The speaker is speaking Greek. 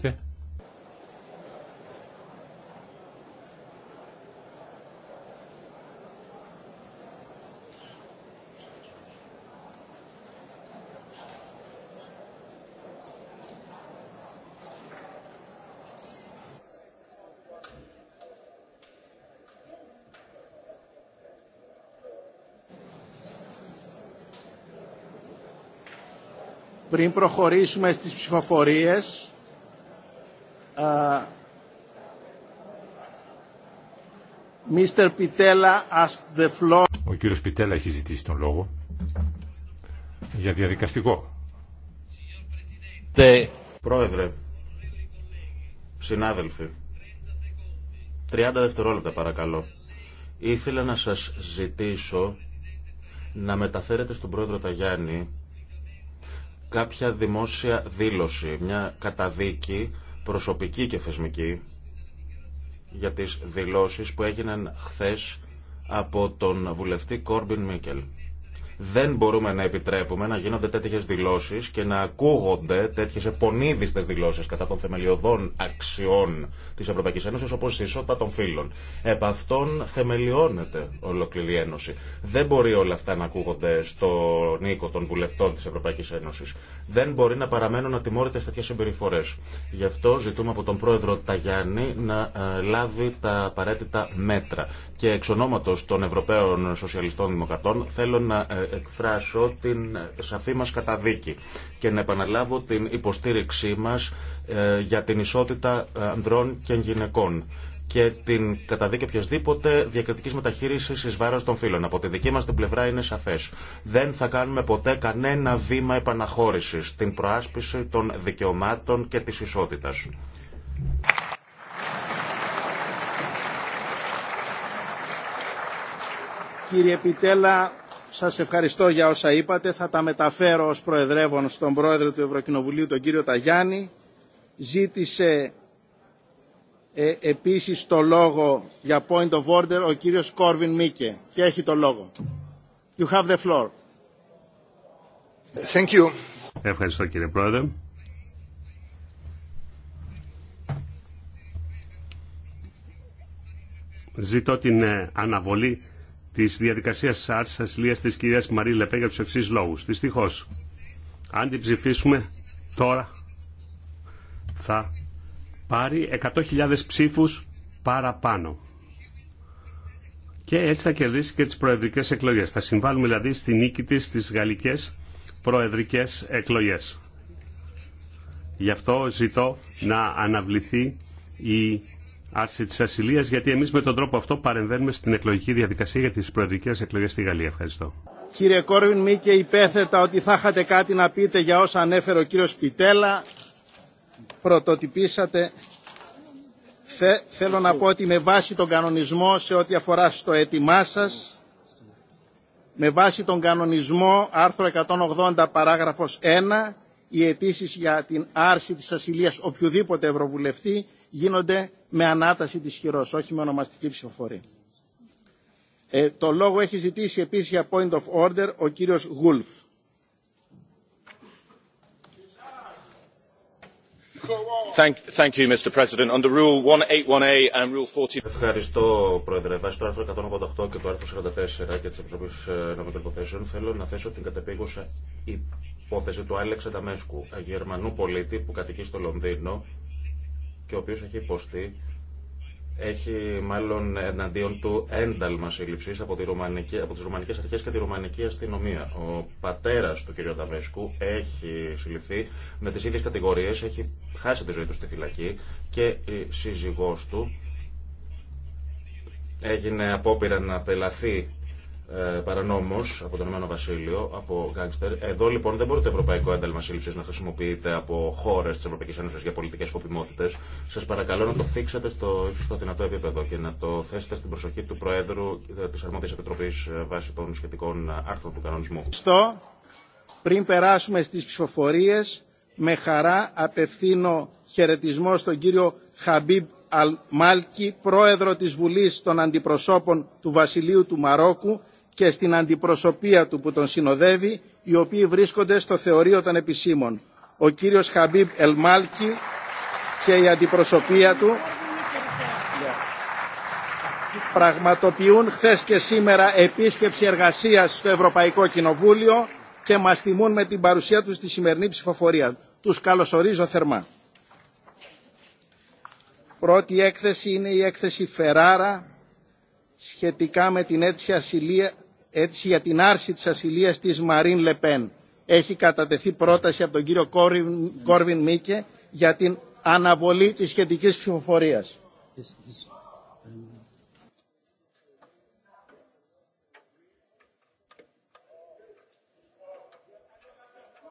ψηφίσετε. Πριν προχωρήσουμε στις ψηφοφορίες, Mr. Pitella Ο κύριος Πιτέλα έχει ζητήσει τον λόγο για διαδικαστικό. Τε... Πρόεδρε, συνάδελφοι, 30 δευτερόλεπτα παρακαλώ. Ήθελα να σας ζητήσω να μεταφέρετε στον πρόεδρο Ταγιάννη κάποια δημόσια δήλωση, μια καταδίκη προσωπική και θεσμική για τις δηλώσεις που έγιναν χθες από τον βουλευτή Κόρμπιν Μίκελ. Δεν μπορούμε να επιτρέπουμε να γίνονται τέτοιε δηλώσει και να ακούγονται τέτοιε επονίδιστες δηλώσει κατά των θεμελιωδών αξιών τη Ευρωπαϊκή Ένωση όπω η ισότητα των φύλων. Επ' αυτών θεμελιώνεται ολοκληρή Ένωση. Δεν μπορεί όλα αυτά να ακούγονται στον οίκο των βουλευτών τη Ευρωπαϊκή Ένωση. Δεν μπορεί να παραμένουν ατιμόρυτε τέτοιε συμπεριφορέ. Γι' αυτό ζητούμε από τον πρόεδρο Ταγιάννη να ε, λάβει τα απαραίτητα μέτρα. Και εξ ονόματο των Ευρωπαίων Σοσιαλιστών Δημοκρατών θέλω να ε, εκφράσω την σαφή μας καταδίκη και να επαναλάβω την υποστήριξή μας ε, για την ισότητα ε, ανδρών και γυναικών και την καταδίκη οποιασδήποτε διακριτική μεταχείρισης ει βάρο των φίλων. Από τη δική μα την πλευρά είναι σαφέ. Δεν θα κάνουμε ποτέ κανένα βήμα επαναχώρηση στην προάσπιση των δικαιωμάτων και τη ισότητα. Κύριε Πιτέλα, σας ευχαριστώ για όσα είπατε. Θα τα μεταφέρω ως Προεδρεύων στον Πρόεδρο του Ευρωκοινοβουλίου, τον κύριο Ταγιάννη. Ζήτησε ε, επίσης το λόγο για point of order ο κύριος Κόρβιν Μίκε και έχει το λόγο. You have the floor. Thank you. Ευχαριστώ κύριε Πρόεδρε. Ζητώ την ε, αναβολή τη διαδικασία ασυλία τη κυρία Μαρή Λεπέ για του εξή λόγου. Δυστυχώ, αν την ψηφίσουμε τώρα, θα πάρει 100.000 ψήφου παραπάνω. Και έτσι θα κερδίσει και τι προεδρικέ εκλογέ. Θα συμβάλλουμε δηλαδή στη νίκη τη στι γαλλικέ προεδρικέ εκλογέ. Γι' αυτό ζητώ να αναβληθεί η άρση της ασυλίας, γιατί εμείς με τον τρόπο αυτό παρεμβαίνουμε στην εκλογική διαδικασία για τις προεδρικές εκλογές στη Γαλλία. Ευχαριστώ. Κύριε Κόρβιν και υπέθετα ότι θα είχατε κάτι να πείτε για όσα ανέφερε ο κύριο Πιτέλα. Πρωτοτυπήσατε. Θε, θέλω να πω ότι με βάση τον κανονισμό σε ό,τι αφορά στο αιτήμα σας, με βάση τον κανονισμό άρθρο 180 παράγραφος 1, οι αιτήσει για την άρση της ασυλίας οποιοδήποτε ευρωβουλευτή γίνονται με ανάταση της χειρός, όχι με ονομαστική ψηφοφορία. Ε, το λόγο έχει ζητήσει επίσης για point of order ο κύριος Γούλφ. Ευχαριστώ, Πρόεδρε. Βάσει το άρθρο 188 και το άρθρο 44 και τη Επιτροπή ε, Νομικών Υποθέσεων, θέλω να θέσω την κατεπίγουσα υπόθεση του Άλεξ Ανταμέσκου, Γερμανού πολίτη που κατοικεί στο Λονδίνο και ο οποίος έχει υποστεί έχει μάλλον εναντίον του ένταλμα σύλληψη από, τη Ρουμανική, από τις Ρουμανικές Αρχές και τη Ρουμανική Αστυνομία. Ο πατέρας του κ. Ταβέσκου έχει συλληφθεί με τις ίδιες κατηγορίες, έχει χάσει τη ζωή του στη φυλακή και η σύζυγός του έγινε απόπειρα να πελαθεί ε, παρανόμω από τον Ηνωμένο Βασίλειο, από γκάγκστερ. Εδώ λοιπόν δεν μπορεί το Ευρωπαϊκό Ένταλμα Σύλληψη να χρησιμοποιείται από χώρε τη Ευρωπαϊκή Ένωση για πολιτικέ σκοπιμότητε. Σα παρακαλώ να το θίξετε στο ύψιστο δυνατό επίπεδο και να το θέσετε στην προσοχή του Προέδρου ε, τη Αρμόδια Επιτροπή ε, βάσει των σχετικών άρθρων του κανονισμού. Στο, πριν περάσουμε στι ψηφοφορίε, με χαρά απευθύνω χαιρετισμό στον κύριο Χαμπίμπ Αλμάλκη, πρόεδρο της Βουλής των Αντιπροσώπων του Βασιλείου του Μαρόκου και στην αντιπροσωπεία του που τον συνοδεύει, οι οποίοι βρίσκονται στο θεωρείο των επισήμων. Ο κύριος Χαμπίμπ Ελμάλκι και η αντιπροσωπεία του πραγματοποιούν χθε και σήμερα επίσκεψη εργασίας στο Ευρωπαϊκό Κοινοβούλιο και μας τιμούν με την παρουσία τους στη σημερινή ψηφοφορία. Τους καλωσορίζω θερμά. Πρώτη έκθεση είναι η έκθεση Φεράρα σχετικά με την αίτηση ασυλία, έτσι για την άρση της ασυλίας της Μαρίν Λεπέν. Έχει κατατεθεί πρόταση από τον κύριο Κόρβιν, Μίκε για την αναβολή της σχετικής ψηφοφορίας.